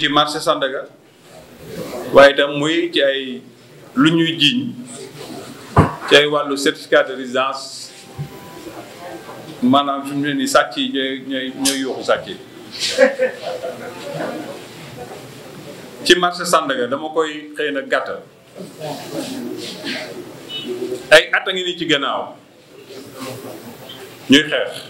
ci marché Sandaga waaye itam muy ci ay lu ñuy jiiñ ci ay wàllu certificat de résidence maanaam fi mu nii sàcc yi ñooy ñooy ñooy yuuxu sàcc ci marché Sandaga dama koy xëy na gàttal ay at a ngi nii ci gannaaw ñuy xeex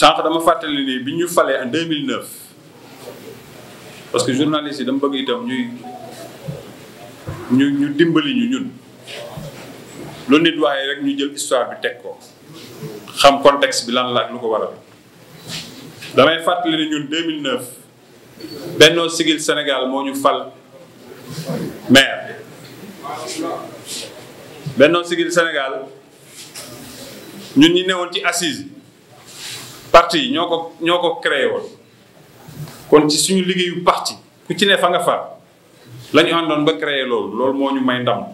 sànq dama fàttali ni bi ñu falee en 2009 parce que journaliste yi dama bëgg itam ñuy ñu ñu dimbali ñu ñun lu nit waaye rek ñu jël histoire bi teg ko xam contexte bi lan laaj ak lu ko waral damay fàttali ni ñun 2009 Benno Siggil Sénégal moo ñu fal maire Benno Siggil Sénégal ñun ñi newoon ci assise parti yi ñoo ko ñoo ko créer woon kon ci suñu liggéeyu parti ku ci ne fa nga fa la ñu àndoon ba créer loolu loolu moo ñu may ndam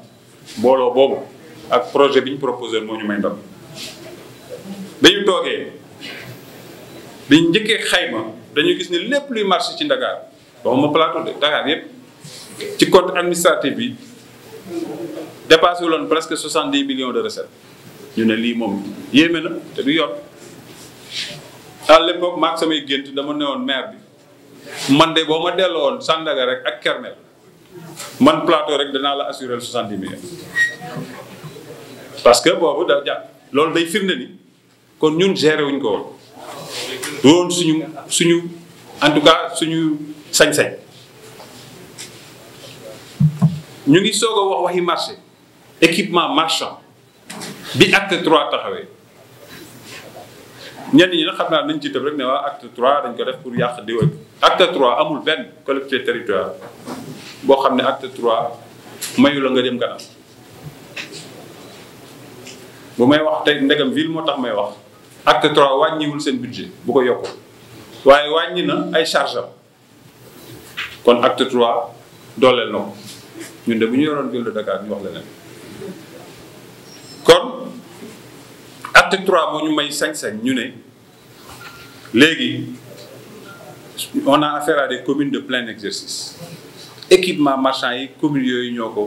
mbooloo boobu ak projet bi ñu proposé moo ñu may ndam ñu toogee biñ njëkkee ma dañu gis ne lépp luy marché ci Ndakaar waxuma plateau de Dakar yépp ci compte administratif bi dépassé wuloon presque soixante-dix millions de recettes ñu ne lii moom yéeme na te du yor à l'époque maag samay gént dama newoon maire bi man de boo ma delloo woon Sandaga rek ak Kermel man plateau rek danaa la assurer soixante-dix millions parce que boobu da jàpp loolu day firnde ni kon ñun gere wuñ ko woon woon suñu suñu en tout cas suñu sañ-sañ ñu ngi soog wax waxi marché équipement marchand bi acte trois taxawee ñenn ñi nag xam naa nañ ci tëb rek ne waa acte 3 dañ ko def pour yàq diw acte 3 amul benn collectivité territoriale boo xam ne acte 3 mayu nga dem kanam bu may wax tey ndegam ville moo tax may wax acte 3 wàññiwul seen budget bu ko yokku waaye wàññi na ay charge kon acte 3 dooleel na ko ñun de bu ñu yoroon ville de Dakar ñu wax leneen kon acte trois moo ñu may sañ-sañ ñu ne léegi on a affaire à des communes de plein exercice équipement marchand yi communes yooyu ñoo ko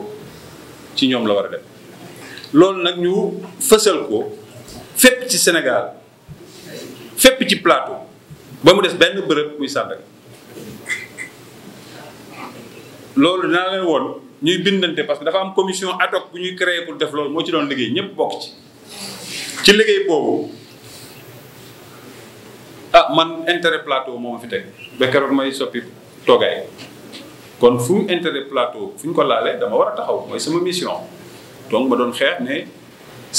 ci ñoom la war a dem loolu nag ñu fësal ko fépp ci Sénégal fépp ci plateau ba mu des benn bërëb muy Sandaga loolu dinaa leen woon ñuy bindante parce que dafa am commission ad hoc bu ñuy créer pour def loolu moo ci doon liggéey ñëpp bokk ci ci liggéey boobu ah man intérêt plateau moo ma fi teg ba may soppi toogaay kon fu intérêt plateau fu ñu ko laalee dama war a taxaw mooy sama mission donc ma doon xeex ne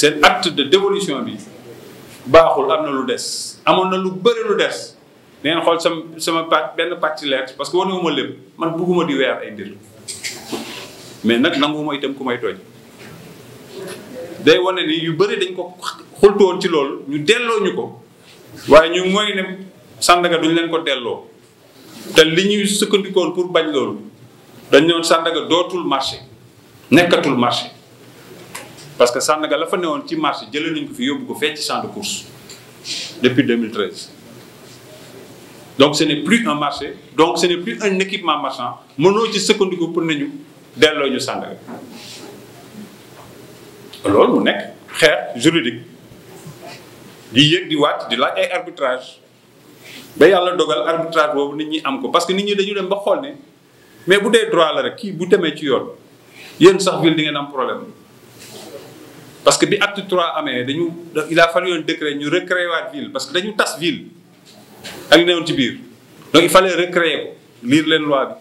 seen acte de dévolution bi baaxul am na lu des amoon na lu bëri lu des neen xool sama sama pàcc benn pàcc parce que wanewuma lépp man bugguma di weer ay mbir mais nag nanguma itam ku may tooñ day wane ni yu bëri dañ ko xultu woon ci loolu ñu delloo ñu ko waaye ñu mooy ne Sandaga duñ leen ko delloo te li ñuy sukkandikoon pour bañ loolu dañ doon Sandaga dootul marché nekkatul marché parce que Sandaga la fa woon ci marché jëlee nañ ko fi yóbbu ko fee ci champ de course depuis donc ce n'est plus un marché donc ce n'est plus un équipement marchand mënoo ci sukkandiku pour nañu delloo ñu Sandaga loolu mu nekk xeer di yéeg di wàcc di laaj ay arbitrage ba yàlla dogal arbitrage boobu nit ñi am ko parce que nit ñi dañu dem ba xool ne mais bu dee droit la rek kii bu demee ci yoon yéen sax ville di ngeen am problème parce que bi at trois amee dañu il a fallu un décret ñu recréer waat ville parce que dañu tas ville ak li newoon ci biir donc il fallait recréer ko liir leen loi bi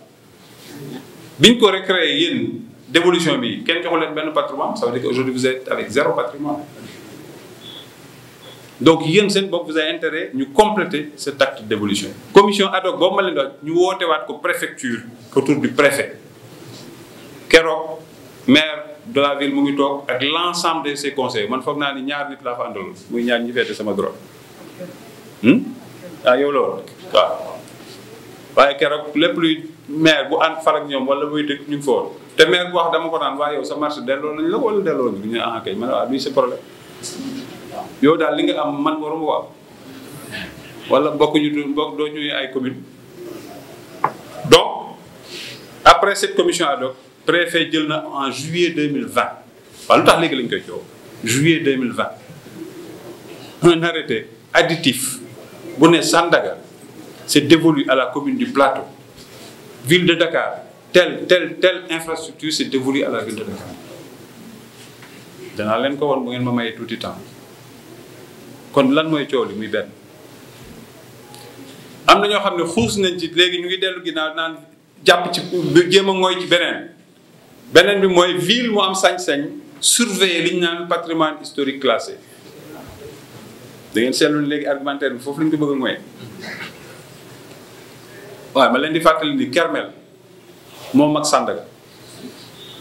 biñ ko recréer yéen dévolution bi kenn joxu leen benn patrimoine ça veut dire que aujourd'hui vous donc yéen seen bopp vous avez ñu compléter cet acte d'évolution commission ad hoc boobu ma leen doon ñu wootewaat ko préfecture autour du préfet keroog maire de la ville mu ngi toog ak l'ensemble de ses conseils man foog naa ni ñaar nit laa fa àndaloon muy ñaar ñi feete sama droit hmm? ah yow la waaw waaye keroog lépp luy maire bu an far ak ñoom wala muy dëkk ñu ngi te maire bu wax dama ko naan waaye yow sa marché delloo nañ la wala delloo nañ ñu ne ah, ah, problème yow daal li nga am man waruma ko am wala bokkuñu du bokk doo ñuy ay commune donc après cette commission ad hoc jël na en juillet 2020 waaw lu tax léegi lañ koy coow juillet 2020 un arrêté additif bu ne Sandaga c'est dévolu à la commune du Plateau ville de Dakar telle tel telle infrastructure c'est dévolu à la ville de Dakar danaa leen ko woon bu ngeen ma mayee tuuti temps kon lan mooy coow li muy benn am na ñoo xam ne xuus nañ ci léegi ñu ngi dellu naa naan jàpp ci jéem a ngooy ci beneen beneen bi mooy ville mu am sañ-sañ surveiller li naan patrimoine historique classé da ngeen seetlu ne léegi argumentaire bi foofu lañ ko bëgg a ngooy waaye ma leen di fàttali ni Kermel moom ak Sandaga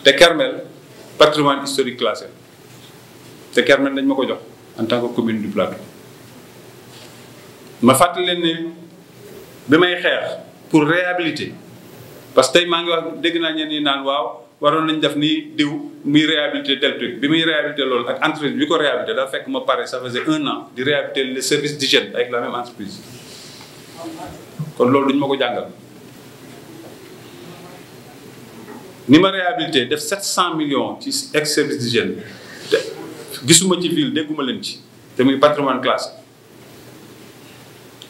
te Kermel patrimoine historique classé te Kermel dañ ma ko jox en tant que commune du Plateau ma fàttali leen ne bi may xeex pour réhabiliter parce que tey maa ngi wax dégg naa ñeen ñi naan waaw waroon nañ def nii diw muy réhabiliter tel bi muy réhabiliter loolu ak entreprise bi ko réhabiliter dafa fekk ma pare ça faisait un an di réhabiliter le service d'hygiène avec la même entreprise kon loolu duñ ma ko jàngal ni ma réhabilité def cent million ci ex service d'hygiène gisuma ci ville dégguma leen ci te muy patrimoine classé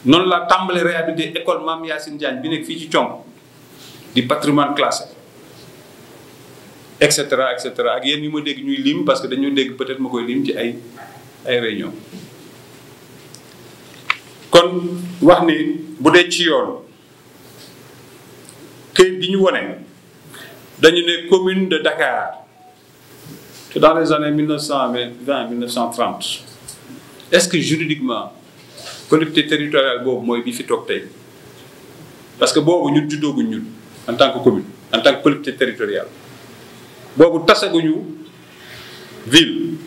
noonu laa tàmbali réhabilité école Mame Yacine Diagne bi nekk fii ci Thiong di patrimoine classé et cetera et cetera ak yéen ñi ma dégg ñuy liim parce que dañu dégg peut-être ma koy lim ci ay ay réunion kon wax ni bu dee ci yoon këyit bi ñu wone dañu ne commune de Dakar que dans les années 1920 1930 est-ce que juridiquement collectivité territoriale boobu mooy bi fi toog tey parce que boobu ñun juddooguñ ñu en tant que commune en tant que collectivité territoriale boobu ñu ville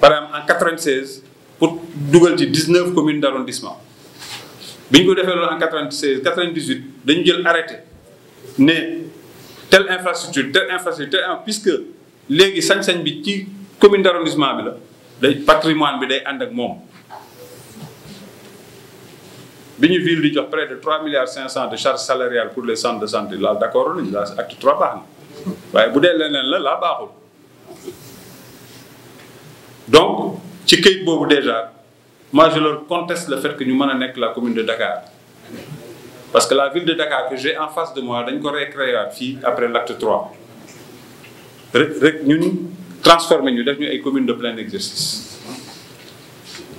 par exemple en 96 pour dugal ci 19 communes d'arrondissement bi ñu ko defee loolu en 96 98 dañu jël arrêté ne telle infrastructure telle infrastructure telle puisque léegi sañ-sañ bi ci commune d'arrondissement bi la day patrimoine bi day ànd ak moom bi ñu ville di jox près de 3 milliards 500 de charge salariale pour le sent de santé laal d'accord nañu laa acte 3 baax na waaye bu dee leneen la laa baaxul donc ci këyit boobu déjà moi je leur conteste le fait que ñu mën a nekk la commune de Dakar parce que la ville de Dakar que j'ai en face de moi dañ ko récréer fii après l'acte 3 rek rek ñun transformé ñu def ñu ay commune de plein exercice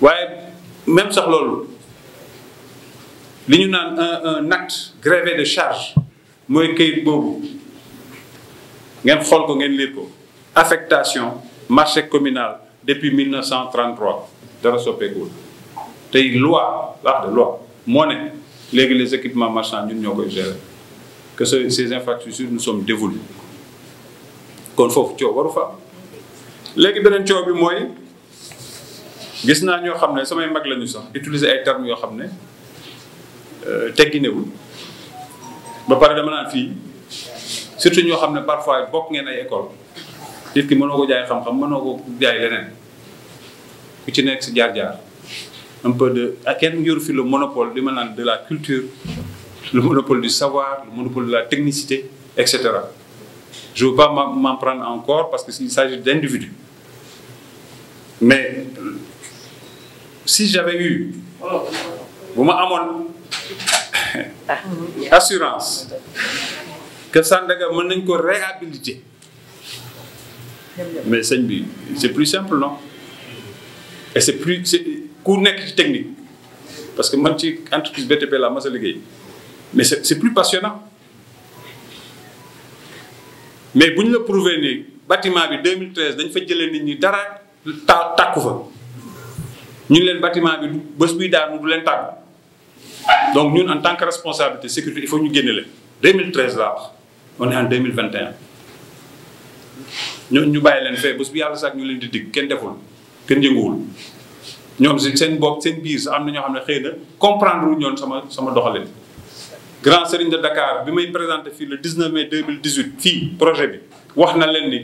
waaye même sax loolu li ñu naan un un acte grévé de charge mooy këyit boobu ngeen xool ko ngeen lire ko affectation marché communal depuis 1933 dara soppeekuwul tey loi wax de loi moo ne léegi les équipements marchands ñun ñoo koy gérer que ces infrastructures nous sommes dévolues kon foofu coow waru fa léegi beneen coow bi mooy gis naa ñoo xam ne samay mag lañu sax utiliser ay termes yoo xam ne euh, tegginewul ba pare dama naan fii surtout ñoo xam ne parfois bokk ngeen ay école nit ki mënoo ko jaay xam-xam mënoo ko jaay leneen ku ci nekk si jaar-jaar un peu de ah, kenn yoru fi le monopole li ma naan de la culture lu monopole du savoir lu monopole de la technicité et cetera Je ne veux pas m'en prendre encore parce qu'il s'agit d'individus. Mais si j'avais eu, vous m'avez assurance que Sandaga mën nañ ko réhabiliter mais sëñ bi c'est plus simple non et c'est plus c'est ku nekk ci technique parce que man ci entreprise BTP la ma a liggéey mais c'est c'est plus passionnant mais bu ñu la prouver ni bâtiment bi 2013 dañ fa jëlee nit ñi dara ta tàkku fa ñu leen batiment bi du bés buy daanu du leen tàkku donc ñun en tant que responsabilité sécurité il faut ñu génne leen 2013 laa wax on est en 2021 ñooñu ñu bàyyi leen fee bés bu yàlla sax ñu leen di dig kenn deful kenn yënguwul ñoom si seen bopp seen biir am na ñoo xam ne xëy na comprendre ñoon sama sama doxalin. Grand Serigne de dakaar bi may présenté fii le 19 mai 2018 fii projet bi wax na leen ni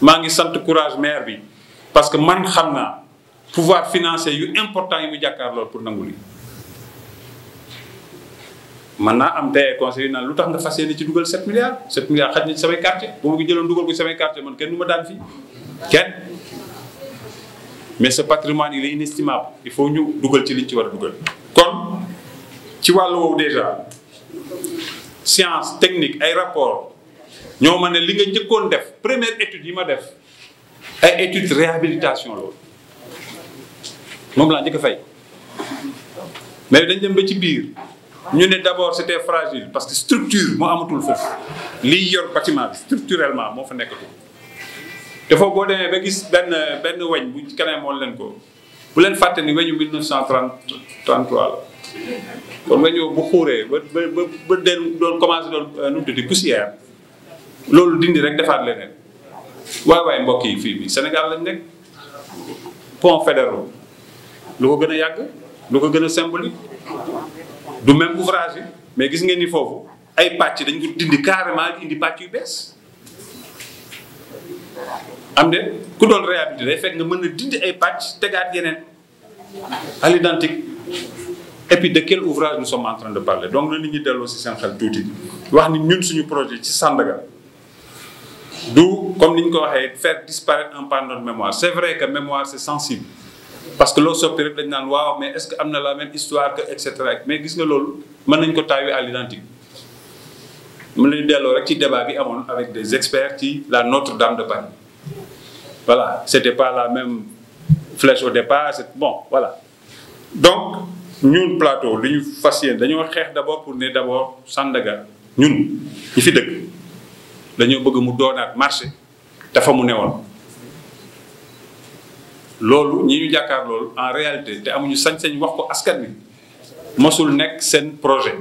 maa ngi sant courage maire bi parce que man xam naa pouvoir financier yu important yi mu jàkkaarloo pour nangu lii. man naa am tey conseil naa lu tax nga fas yéene ci dugal 7 milliards 7 milliards xaj na ci samay quartier bu ma ko jëloon dugal ko ci quartier man kenn du ma daan fii kenn. mais ce patrimoine il est inestimable il faut ñu dugal ci liñ ci war a dugal ci wàllu woowu science technique ay rapport ñoo ma ne li nga njëkkoon def première étude yi ma def ay étude réhabilitation loolu moom laa njëkk a fay mais dañ dem ba ci biir ñu ne d'abord c'était fragile parce que structure moo amatul foofu liy yor bâtiment bi structurellement moo fa nekkatul te foofu boo demee ba gis benn benn weñ bu keneen moon leen ko bu leen fàtte ni weñu 1933 la kon nga ñëw bu xuuree ba ba ba den doon commencé doon euh, nu mu tuddi poussière loolu dindi rek defaat leneen waay waay mbokk yi fii bi Sénégal lañ nekk pon fédéraux lu ko gën a yàgg lu ko gën a symbolique du même ouvrage yi mais gis ngeen ni foofu ay pàcc dañ ko dindi carrément indi pàcc yu bees am de ku doon réhabilité day fekk nga mën a dindi ay pàcc tegaat yeneen à et puis de quel ouvrage nous sommes en train de parler donc na nit ñi delloo si seen xel tuuti wax ni ñun suñu projet ci Sandaga du comme ni ñu ko waxee faire disparaître un pendant de mémoire c'est vrai que mémoire c'est sensible parce que loo soppi rek dañ naan waaw mais est-ce que am na la même histoire que et cetera mais gis nga loolu mën nañ ko taawi à l'identique mën nañu delloo rek ci débat bi amoon avec des experts ci la Notre-Dame de Paris voilà c'était la même flèche au départ c'est bon voilà donc ñun plateau li ñu fas yéene dañoo xeex d'abord pour ne d'abord Sandaga ñun ñi fi dëkk dañoo bëgg mu doonaat marché dafa mu ne woon loolu ñi ñu jàkkaar loolu en réalité te amuñu sañ-sañ wax ko askan bi mosul nekk seen projet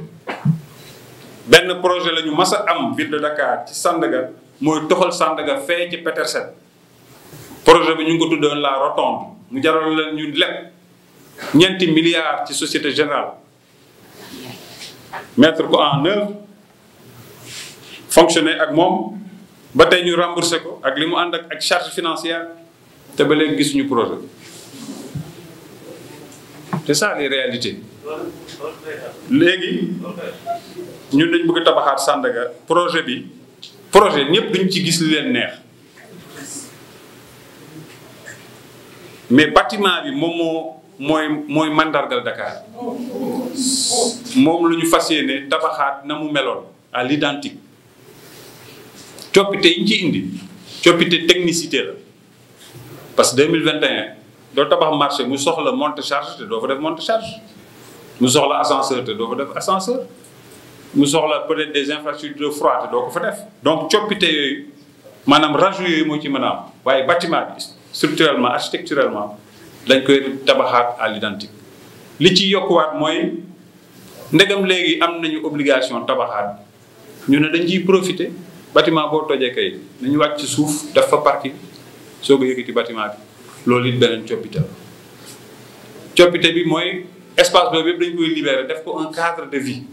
benn projet la ñu mas a am ville de Dakar ci Sandaga mooy toxal Sandaga fee ci Petersen projet bi ñu ngi ko tuddoon la rotonde mu jaral leen ñu lépp ñeenti milliards ci Société Générale mettre ko en œuvre fonctionner ak moom ba tey ñu remboursé ko ak li mu ànd ak ak charge financière te ba léegi gisuñu projet c'est ça les réalités léegi ñu dañ bëgg tabaxaat Sandaga projet bi projet ñëpp duñ ci gis li leen neex mais bâtiment bi moom moo mooy mooy mandargal Dakar moom lu ñu fas yéene tabaxaat na mu meloon à l'identique coppite yi ñu ci indi coppite technicité la parce que mille vingt 2021 doo tabax marché mu soxla monte charge te doo fa def monte charge mu soxla ascenseur te doo fa def ascenseur mu soxla peut-être des infrastructures froides te doo ko fa def donc coppite yooyu maanaam rajo yooyu moo ci mën a am waaye bâtiment bi structurellement architecturalement dañ koy tabaxaat à l'identique li ci yokkuwaat mooy ndegam léegi am nañu obligation tabaxaat ñu ne dañ ciy profité bâtiment boo tojee kay nañu wàcc ci suuf def fa parking soo ko yëkkati bâtiment bi loolu it beneen coppital la coppite bi mooy espace boobu yëpp dañ koy libérer def ko un cadre de vie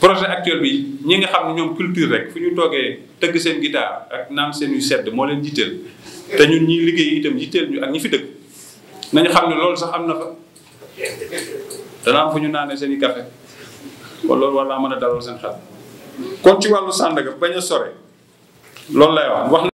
projet actuel bi ñi nga xam ñoom culture rek fu ñu toogee tëgg seen guitare ak naan seen yu sedd moo leen jiiteel te ñun ñi liggéey itam jiiteel ñu ak ñi fi dëkk nañu xam ne loolu sax am na fa dana am fu ñu naanee seen i café loolu war naa mën a dalal seen xel kon ci wàllu Sandaga bañ a sore loolu lay wax wax